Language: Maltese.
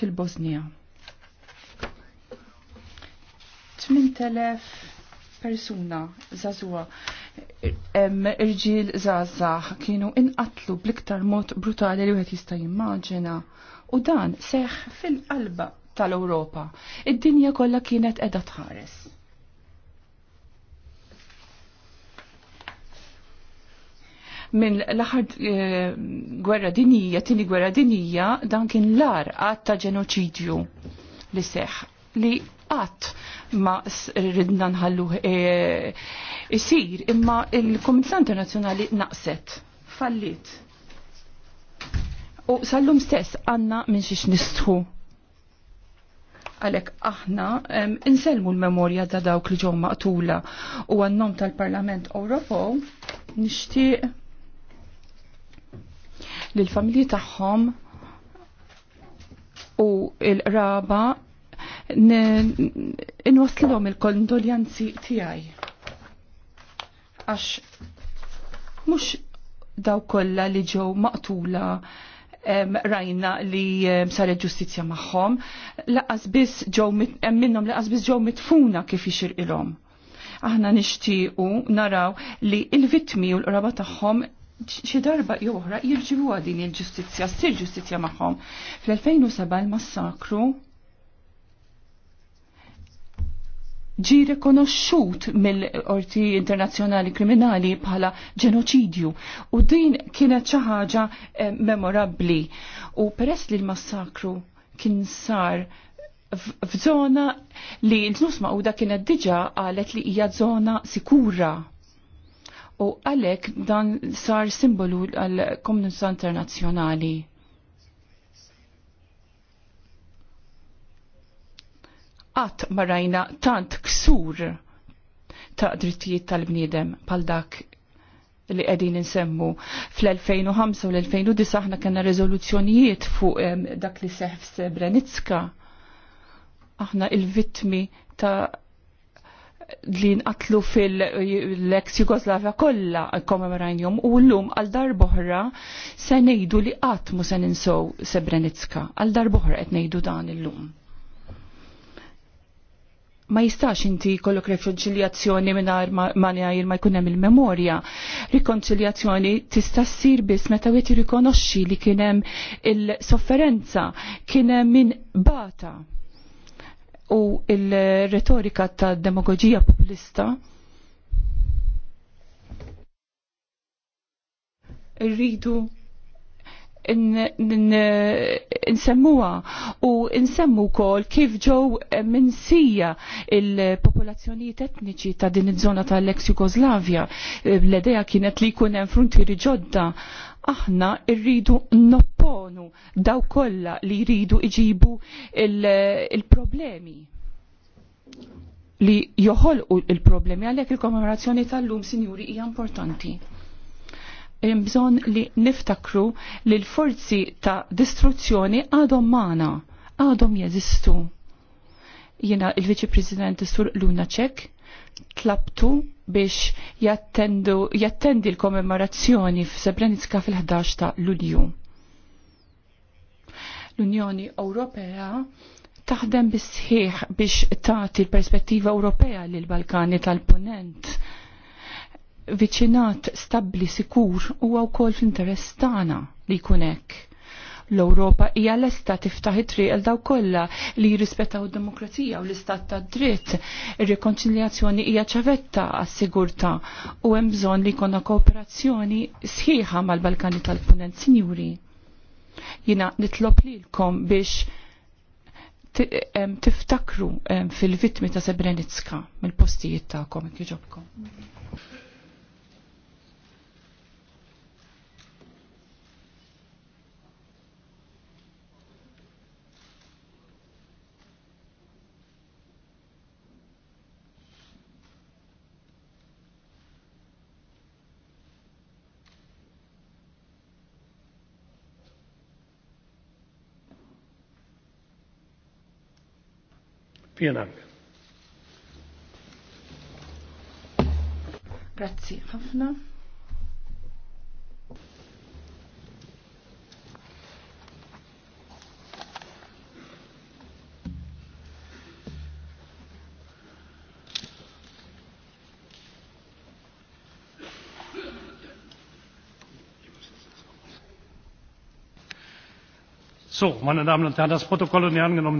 fil-Bosnija. 8000 persuna zazua irġil zazah kienu inqatlu bliktar mod brutali li wieħed jista' jimmaġina u dan seħ fil-qalba tal-Ewropa. Id-dinja kollha kienet qiegħda tħares. minn l-aħħar eh, gwerra dinija, tini gwerra dinija, dan kien l-ar għat ta' ġenoċidju li seħ li għat ma ridna nħallu eh, isir imma il-Komunità Internazjonali naqset fallit. U sallum stess għanna minn xiex nistħu għalek aħna inselmu l-memorja ta' dawk li ġew maqtula u għannom tal-Parlament Ewropew nixtieq l-familji tagħhom u l-raba inwaslilhom il-kondoljanzi tiegħi. Għax mhux daw kollha li ġew maqtula rajna li saret ġustizja maħħom, laqas biss ġew minnhom laqas biss ġew mitfuna kif ixirqilhom. Aħna nixtiequ naraw li il-vittmi u l-qraba tagħhom xi darba joħra oħra jirġibu din il-ġustizzja, ssir ġustizzja magħhom. Fl-2007 il-massakru ġi rekonoxxut mill-Qorti Internazzjonali Kriminali bħala ġenoċidju u din kienet xi ħaġa eh, memorabbli. U peress li l-massakru kien sar f'żona li l-nusma u da kienet diġa qalet li hija żona sikura u għalek dan sar simbolu għal komunità internazzjonali. Qatt marajna tant ksur ta' drittijiet tal-bniedem pal dak li qegħdin insemmu fl-2005 u l-2009 aħna kellna riżoluzzjonijiet fuq dak li seħf Srebrenica. Aħna il-vittmi ta' li nqatlu fil-ex Jugoslavia kollha kommemorajnjum u llum għal darboħra se ngħidu li qatt mhu se ninsow Srebrenica. Għal darboħra qed ngħidu dan illum. Ma jistax inti kollok rekonċiljazzjoni mingħajr ma ma jkun hemm il-memorja. Rikonċiljazzjoni tista' ssir biss meta wieħed jirrikonoxxi li kien hemm il-sofferenza, kien hemm min bata u il-retorika ta' demagogija populista irridu insemmuha u insemmu kol kif ġew minsija il-popolazzjonijiet etniċi ta' din iż-żona tal-ex Jugoslavja l-idea kienet li jkun hemm frontieri ġodda aħna rridu nopp nipproponu daw kollha li jridu iġibu il-problemi il li joħolqu il-problemi għalhekk il-kommemorazzjoni tal-lum, sinjuri, hija importanti bżon li niftakru li l-forzi ta' distruzzjoni għadhom mana, għadhom jeżistu. Jena il-Viċi President Sur Luna Ċek tlabtu biex jattendu, jattendi l-kommemorazzjoni f'Sebrenica fil-11 ta' Lulju l-Unjoni Ewropea taħdem bisħiħ biex tagħti l-perspettiva Ewropea l Balkani tal-Punent. Viċinat stabbli sikur huwa wkoll fl-interess tagħna li kunek. L-Ewropa hija lesta tiftaħ it-triq għal kollha li jirrispettaw id-demokrazija u l-istat tad dritt. Ir-rekonċiljazzjoni hija ċavetta għas-sigurtà u hemm bżonn li jkollna kooperazzjoni sħiħa mal-Balkani tal-Punent, Sinjuri. Jina nitlob lilkom biex tiftakru fil-vitmi ta' Sebrenitska mill-postijiet komik kieġobkom. Vielen Grazie, Hafna. So, meine Damen und Herren, das Protokoll und die angenommenen